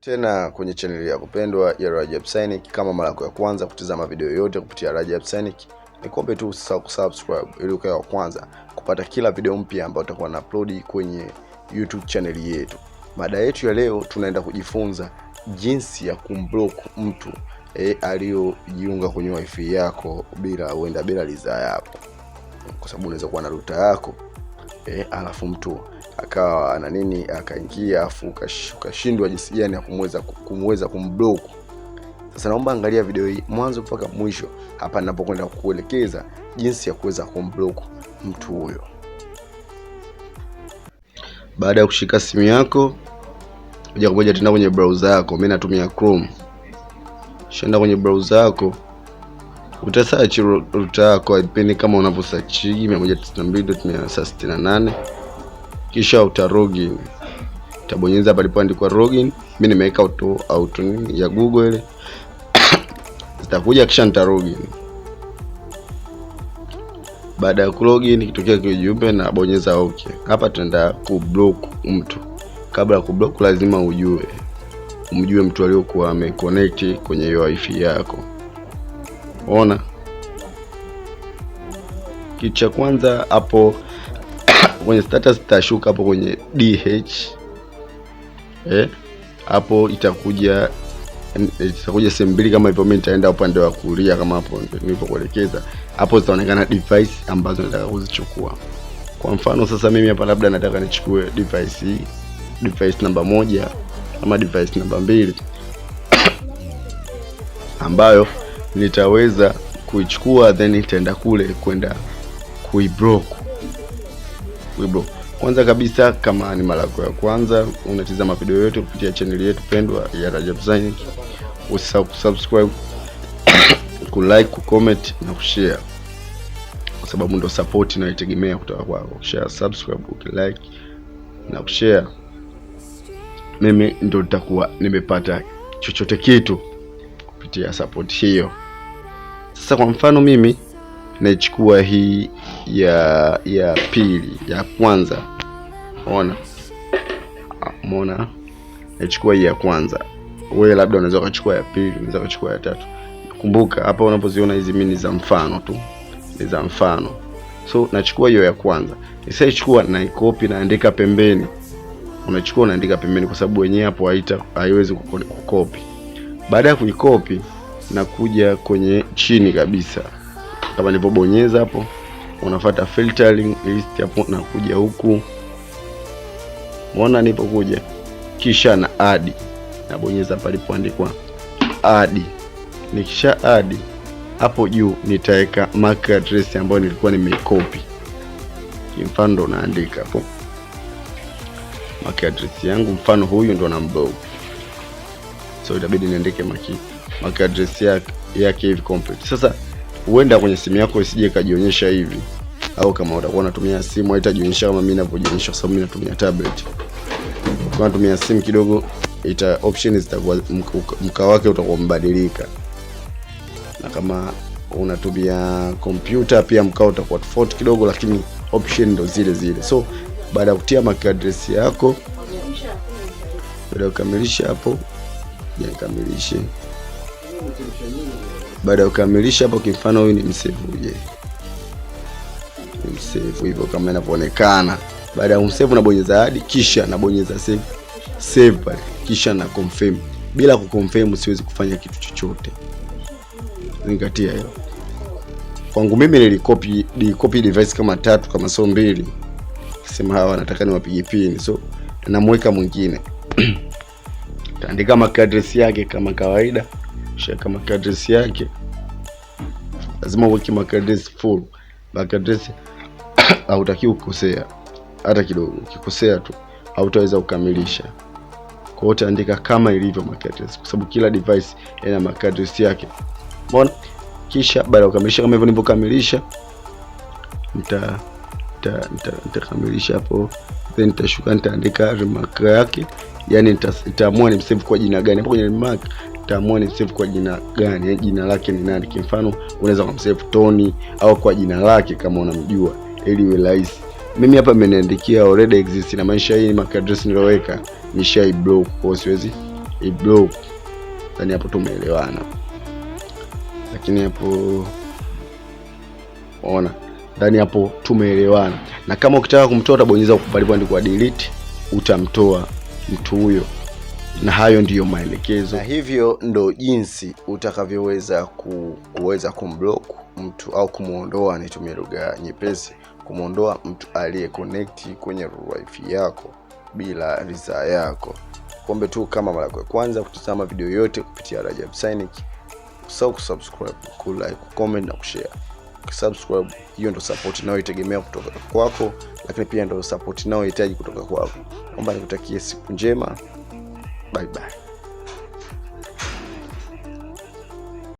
Tena kwenye chaneli ya kupendwa ya Rajab Synic. Kama mara yako ya kwanza kutizama video yote kupitia Rajab Synic, nikuombe tu usisahau kusubscribe ili ukae wa kwanza kupata kila video mpya ambayo tutakuwa na upload kwenye YouTube chaneli yetu. Mada yetu ya leo, tunaenda kujifunza jinsi ya kumblock mtu e, aliyojiunga kwenye wifi yako bila uenda bila ridhaa yako, kwa sababu unaweza kuwa na ruta yako e, alafu mtu akawa ana nini akaingia afu ukashindwa jinsi gani ya kumweza kumweza kumblock sasa naomba angalia video hii mwanzo mpaka mwisho hapa ninapokwenda kukuelekeza jinsi ya kuweza kumblock mtu huyo baada ya kushika simu yako moja kwa moja tena kwenye browser yako mimi natumia Chrome shenda kwenye browser yako uta search router yako ipeni kama unavyo search 192.168 kisha uta login, utabonyeza andikwa login. Mimi nimeweka auto auto ya Google ile zitakuja, kisha nita login. Baada ya kulogin, kitokea kijumbe na bonyeza okay. Hapa tunaenda kublock mtu. Kabla ya kublock, lazima ujue umjue mtu aliyokuwa ameconnect kwenye hiyo wifi yako. Ona kitu cha kwanza hapo kwenye status itashuka hapo kwenye DH eh, hapo itakuja itakuja sehemu mbili kama hivyo. Mimi nitaenda upande wa kulia kama hapo nilivyokuelekeza, hapo zitaonekana device ambazo nataka kuzichukua. Kwa mfano sasa, mimi hapa labda nataka nichukue device hii, device namba moja ama device namba mbili ambayo nitaweza kuichukua then itaenda kule kwenda kuiblock Wibro, kwanza kabisa, kama ni mara yako ya kwanza unatizama video yote kupitia chaneli yetu pendwa ya Rajab Synic, usisahau kusubscribe, kulike, kucomment na kushare, kwa sababu ndo support inayotegemea kutoka kwako. Share, subscribe, ukilike na kushare, mimi ndo nitakuwa nimepata chochote kitu kupitia support hiyo. Sasa kwa mfano mimi naichukua hii ya ya pili ya kwanza, ona ah, mona, naichukua hii ya kwanza. Wewe labda unaweza ukachukua ya pili, unaweza ukachukua ya tatu. Kumbuka hapa unapoziona hizi mini ni za mfano tu, ni za mfano. So nachukua hiyo ya kwanza, nisaichukua naikopi, naandika pembeni. Unachukua unaandika pembeni, kwa sababu wenyewe hapo haita haiwezi kukopi. Baada ya kuikopi, nakuja kwenye chini kabisa kama nilivyobonyeza hapo, unafuata filtering list hapo na kuja huku, mwona nilipokuja, kisha na add, nabonyeza palipoandikwa add. Nikisha add hapo juu nitaweka MAC address ambayo nilikuwa nimeikopi, kimfano ndo naandika hapo MAC address yangu, mfano huyu ndo na mblog, so itabidi niandike MAC address yake hivi complete sasa huenda kwenye simu yako isije ikajionyesha hivi, au kama utakuwa unatumia simu haitajionyesha kama mimi ninavyojionyesha, kwa sababu mimi natumia tablet. Kwa natumia simu kidogo ita option zitakuwa mkaa wake utakuwa mbadilika, na kama unatumia kompyuta pia mkaa utakuwa tofauti kidogo, lakini option ndo zile zile. So baada ya kutia MAC address yako, baada ya kukamilisha hapo, je, nikamilishe baada ya kukamilisha hapo, kimfano huyu ni msevuje, msevu hivyo kama inavyoonekana. Baada ya kumsave nabonyeza hadi, kisha nabonyeza save, save pale, kisha na confirm. Bila kuconfirm siwezi kufanya kitu chochote, zingatia hiyo. Kwangu mimi nilikopi nilikopi device kama tatu kama so mbili, sema hawa nataka niwapige pin, so namweka mwingine taandika MAC address yake kama kawaida shika makadresi yake, lazima uweke makadresi full. Makadresi hautaki kukosea hata kidogo, ukikosea tu hautaweza kukamilisha. Kwa hiyo utaandika kama ilivyo makadresi, kwa sababu kila device ina makadresi yake. Umeona? Kisha baada ya kukamilisha kama hivyo nilivyokamilisha, nita nitakamilisha hapo, then nitashuka, nitaandika remark yake, yani nitaamua nimsave kwa jina gani hapo kwenye remark utaamua ni save kwa jina gani, yaani jina lake ni nani. Kwa mfano unaweza kumsave Tony au kwa jina lake kama unamjua, ili iwe rahisi. Mimi hapa imeniandikia already exist, na maana hii MAC address niloweka nishai block, kwa siwezi i block. Yani hapo tumeelewana, lakini hapo ona ndani hapo tumeelewana, na kama ukitaka kumtoa utabonyeza palipoandikwa delete, utamtoa mtu huyo na hayo ndiyo maelekezo, na hivyo ndo jinsi utakavyoweza ku, kuweza kumblock mtu au kumwondoa, nitumie lugha nyepesi, kumwondoa mtu aliye connect kwenye wifi yako bila ridhaa yako. Kombe tu kama mara ya kwanza kutazama video yote kupitia Rajab Synic, usahau kusubscribe, ku like, comment na kushare. Ukisubscribe, hiyo ndo support inayoitegemea kutoka kwako, lakini pia ndo support inayohitaji kutoka kwako. Naomba nikutakie siku njema. Bye bye.